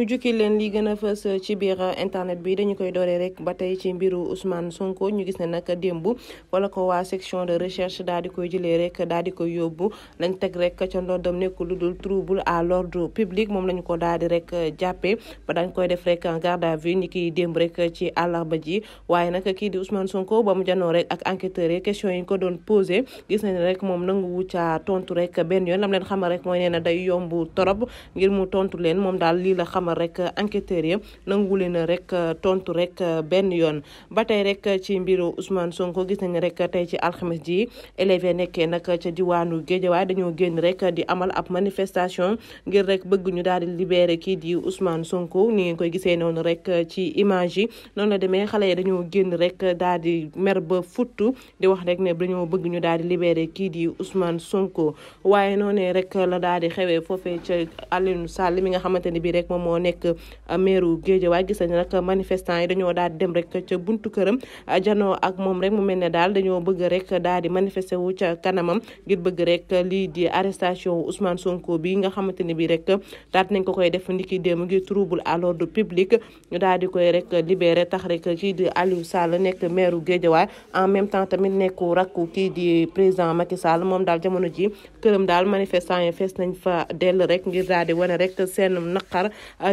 ñu jukki leen li gën a fës ci biir internet bi dañu koy dooree rek ba tey ci mbiru Ousmane Sonko ñu gis ne nag demb wala ko waa section de recherche daal di koy jëlee rek daal di koy yóbbu lañ teg rek ca ndoddam nekkul lu dul trouble à l'ordre public moom lañu ko daal di rek jàppee ba dañ koy def rek en garde à vue ni kiy démb rek ci àllarba ji waaye nag kii di Ousmane Sonko ba mu janoo rek ak enquêteurs yi question yi ñu ko doon posé gis nañ rek moom nanguwu caa tontu rek benn yoon lam leen xamal rek mooy nee na day yomb torop xamal rek enquêteurs ya nangu leen rek tontu rek benn yoon ba tey rek ci mbiru Ousmane Sonko gis nañ rek tey ci alxames ji élèves nekkee nag ca diwaanu Géejawaay dañoo génn rek di amal ab manifestation ngir rek bëgg daal di libéré kii di Ousmane Sonko ni ngeen koy gisee noonu rek ci image yi noonu la demee xale yi dañoo génn rek daldi di mer ba futtu di wax rek ne dañoo bëgg ñu daal di libéré kii di Ousmane Sonko waaye noonee rek la daal xewee foofee ca Alioune Sall mi nga xamante ni rek moom nekk euh, meeru Géejawaay gis nañ nag manifestant yi dañoo daal di dem rek ca buntu këram euh, janoo ak moom rek mu mel ne daal dañoo bëgg rek daal di manifester wu ca kanamam ngir bëgg rek lii di arrestation Ousmane Sonko bi nga xamante ne bi rek daat nañ ko koy def ndiki démb ngir trouble à l'ordre public ñu daal di koy rek libéré tax rek kii di Aliou Sall nekk meeru Géejawaay en même temps tamit nekku rakku kii di président Macky Sall moom daal jamono ji këram daal manifestant yi fees nañ fa dell rek ngir daal di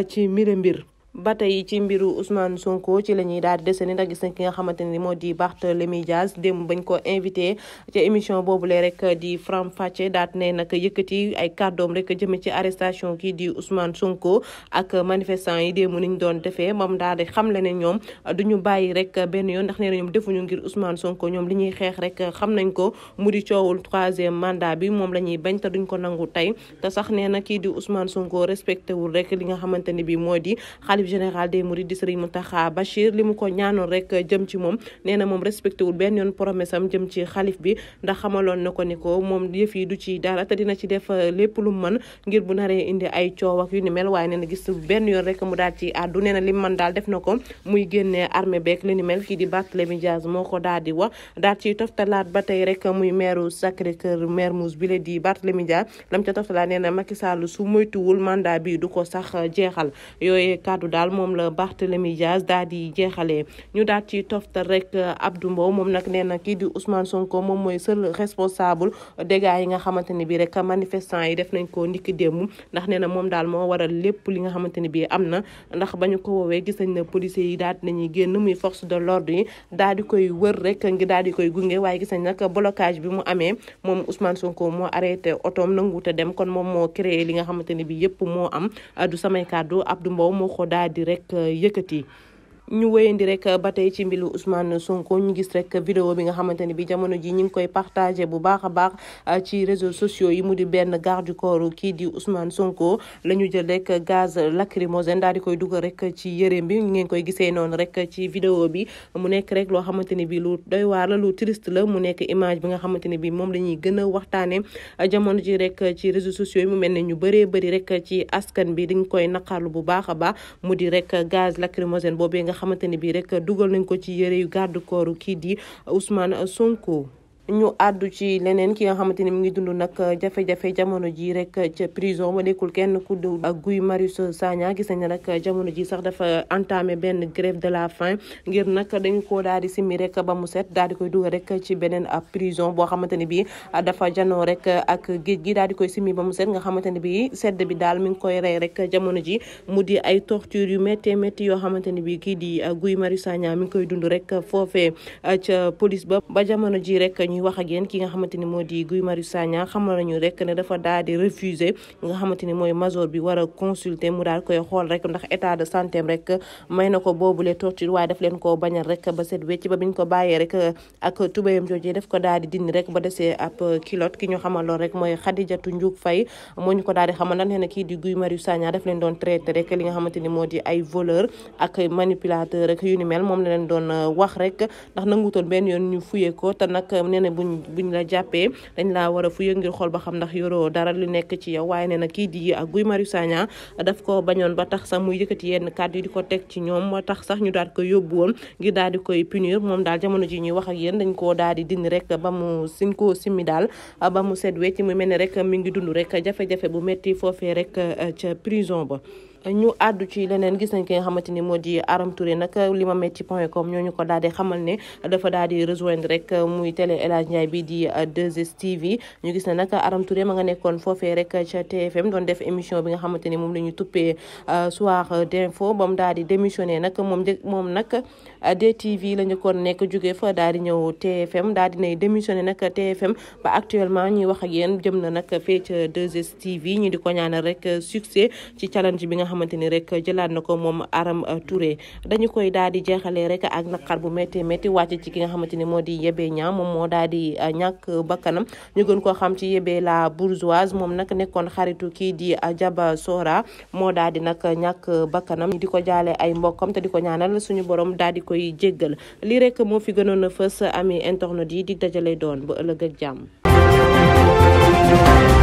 ci mile mbir ba tey ci mbiru Ousmane Sonko ci la ñuy daal di desani ndax gis nañ ki nga xamante ne moo di Barthélémy Dias démb bañ ko invité ci émission boobule rek di Fram Facce daat ne nag yëkkati ay kàddoom rek jëme ci arrestation kii di Ousmane Sonko ak manifestant yi démb niñ doon defee moom daal di xam le ne ñoom du ñu bàyyi rek benn yoon ndax nee na defuñu ngir Ousmane Sonko ñoom li ñuy xeex rek xam nañ ko mu di coowul troisième mandat bi moom la ñuy bañ te duñ ko nangu tey te sax nee kii di Ousmane Sonko respecté wul rek li nga xamante ne bi moo di xalif général des mourides di Serigne Mountakha Bachir li ko ñaanoon rek jëm ci moom nee na moom respecté wul benn yoon promesse am jëm ci xalif bi ndax xamaloon na ko ni ko moom yëf yi du ci dara te dina ci def euh, lépp lu mën ngir bu naree indi ay coow yu ni mel waaye nee na gis benn yoon rek mu daal ci àddu nee na li mën daal def na muy génnee armée beeg li ni mel kii di Barthélémy Dias moo ko daal di wax daal ci toftalaat ba tey rek muy maire Sacré Cœur maire Mousse bi la di Barthélémy Dias lam ca toftalaat nee na Macky Sall su moytuwul mandat bi du ko sax jeexal kàddu daal moom la Barthélemy Dias daal di jeexalee ñu daal ci toftal rek euh, Abdou Mbow moom nag nee na kii di Ousmane Sonko moom mooy seul responsable dégâts yi nga xamante ne bii rek manifestant yi def nañ ko ndiki démb ndax nee na moom daal moo waral lépp li nga xamante ne bii am na ndax ba ñu ko woowee gis nañ ne policiers yi daal nañuy génn muy force de l'ordre yi daal di koy wër rek ngi daal di koy gunge waaye gis nañ nag blocage bi mu amee moom Ousmane Sonko moo arrêté otoom na a dem kon moom moo créé li nga xamante ne bii yëpp moo am euh, du samay kàddu Mbow moo daal di rek euh, ñu wéyandi rek ba tey ci mbilu Ousmane Sonko ñu gis rek vidéo bi nga xamante ni bi jamono ji ñu ngi koy partagé bu baax a baax euh, ci réseau sociaux yi mu di benn garde du kii di Ousmane Sonko la ñu jël rek gaz lacrymogène daal di koy dugal rek ci yëreem bi ngeen koy gisee noonu rek ci vidéo bi mu nekk rek loo xamante ni bi lu doy waar lu triste la mu nekk image bi nga xamante ni bi moom la ñuy gën a waxtaane euh, jamono ji ci réseaux sociaux yi mu mel ne ñu bëree bëri rek ci askan bi dañ koy naqarlu bu baax a baax mu di rek gaz lacrymogène boobee nga xamante ne bii rek dugal nañ ko ci yére yu garde corps kii di Ousmane Sonko. ñu àddu ci leneen ki nga xamante ni mu ngi dund nag jafe-jafe jamono ji rek ca prison ba nekkul kenn ku dul Guy Marius Sagna gis nañ ne nag jamono ji sax dafa entamé benn grève de la faim ngir nag dañu koo daal di simi rek ba mu set daal di koy dugal rek ci beneen prison boo xamante ni bii dafa janoo rek ak géej gi daal di koy simi ba mu set nga xamante ni bii sedd bi daal mi ngi koy rey rek jamono ji mu di ay torture yu métti métti yoo xamante ni bii kii di Guy Marius Sagna mi ngi koy dund rek foofee ca police ba ba jamono ji rek ñuy wax ak yéen ki nga xamante ni moo di Guy Marius Sagna xamal nañu rek ne dafa daal di refuser nga bi war a consulter mu daal koy xool rek ndax état de santé may na ko boobule torture waaye daf leen koo bañal rek ba set wecc ba biñ ko bàyyee rek ak tubéyam jooju daf ko daal di dindi rek ba desee ab kilote ki ñu xamal rek mooy Xadijatu Njuug Fay moo ñu ko daal di xamal ne kii di Guy Marius Sagna daf leen doon traité rek li nga xamante ni moo di ay voleur ak manipulateur rek yu ni mel moom la leen doon wax rek ndax ne buñ buñ la jàppee dañ laa war a fuye ngir xool ba xam ndax yoroo dara lu nekk ci yow waaye ne na kii di Guy Marius Sagna daf ko bañoon ba tax sax muy yëkkati yenn kàddu yi di ko teg ci ñoom moo tax sax ñu daal ko yóbbu woon ngir daal di koy punir moom daal jamono ji ñuy wax ak yéen dañ koo daal di dindi rek ba mu siñ koo simmi daal ba mu set wecc mu mel ne rek mi ngi dund rek jafe-jafe bu metti foofee rek ca prison ba ñu addu ci leneen gis nañ ki nga xamante ni moo di Aram Touré nag li ma metti point com ñoo ñu ko daal di xamal ne dafa daal di rejoindre rek muy télé El Hadj Ndiaye bi di 2STV ñu gis ne nag Aram ma nga nekkoon foofee rek doon def émission bi nga xamante ni moom la ñu tuppee euh, soir d'info ba mu daal di démissionné nag moom moom nag DTV la ñu nekk jóge fa daal di ñëw TFM daal di nay démissionné nag TFM ba actuellement ñuy wax ak yéen jëm na nag fee ca 2STV ñu di ko ñaanal rek succès ci challenge bi nga xamante ni rek jëlaat na ko moom Aram Touré dañu koy daal di jeexalee rek ak naqar bu métti métti wàcc ci ki nga xamante ni moo di Yébé Niang moom moo daal di uh, ñàkk bakkanam ñu gën koo xam ci Yébé la bourgeoise moom nag nekkoon xaritu kii di uh, Jaba Sora moo daal di nag ñàkk bakkanam di ko jaale ay mbokkam te di ko ñaanal suñu borom daal di koy jéggal lii rek moo fi gënoon fës ami internet yi di dajale doon ba ëllëg ak jàmm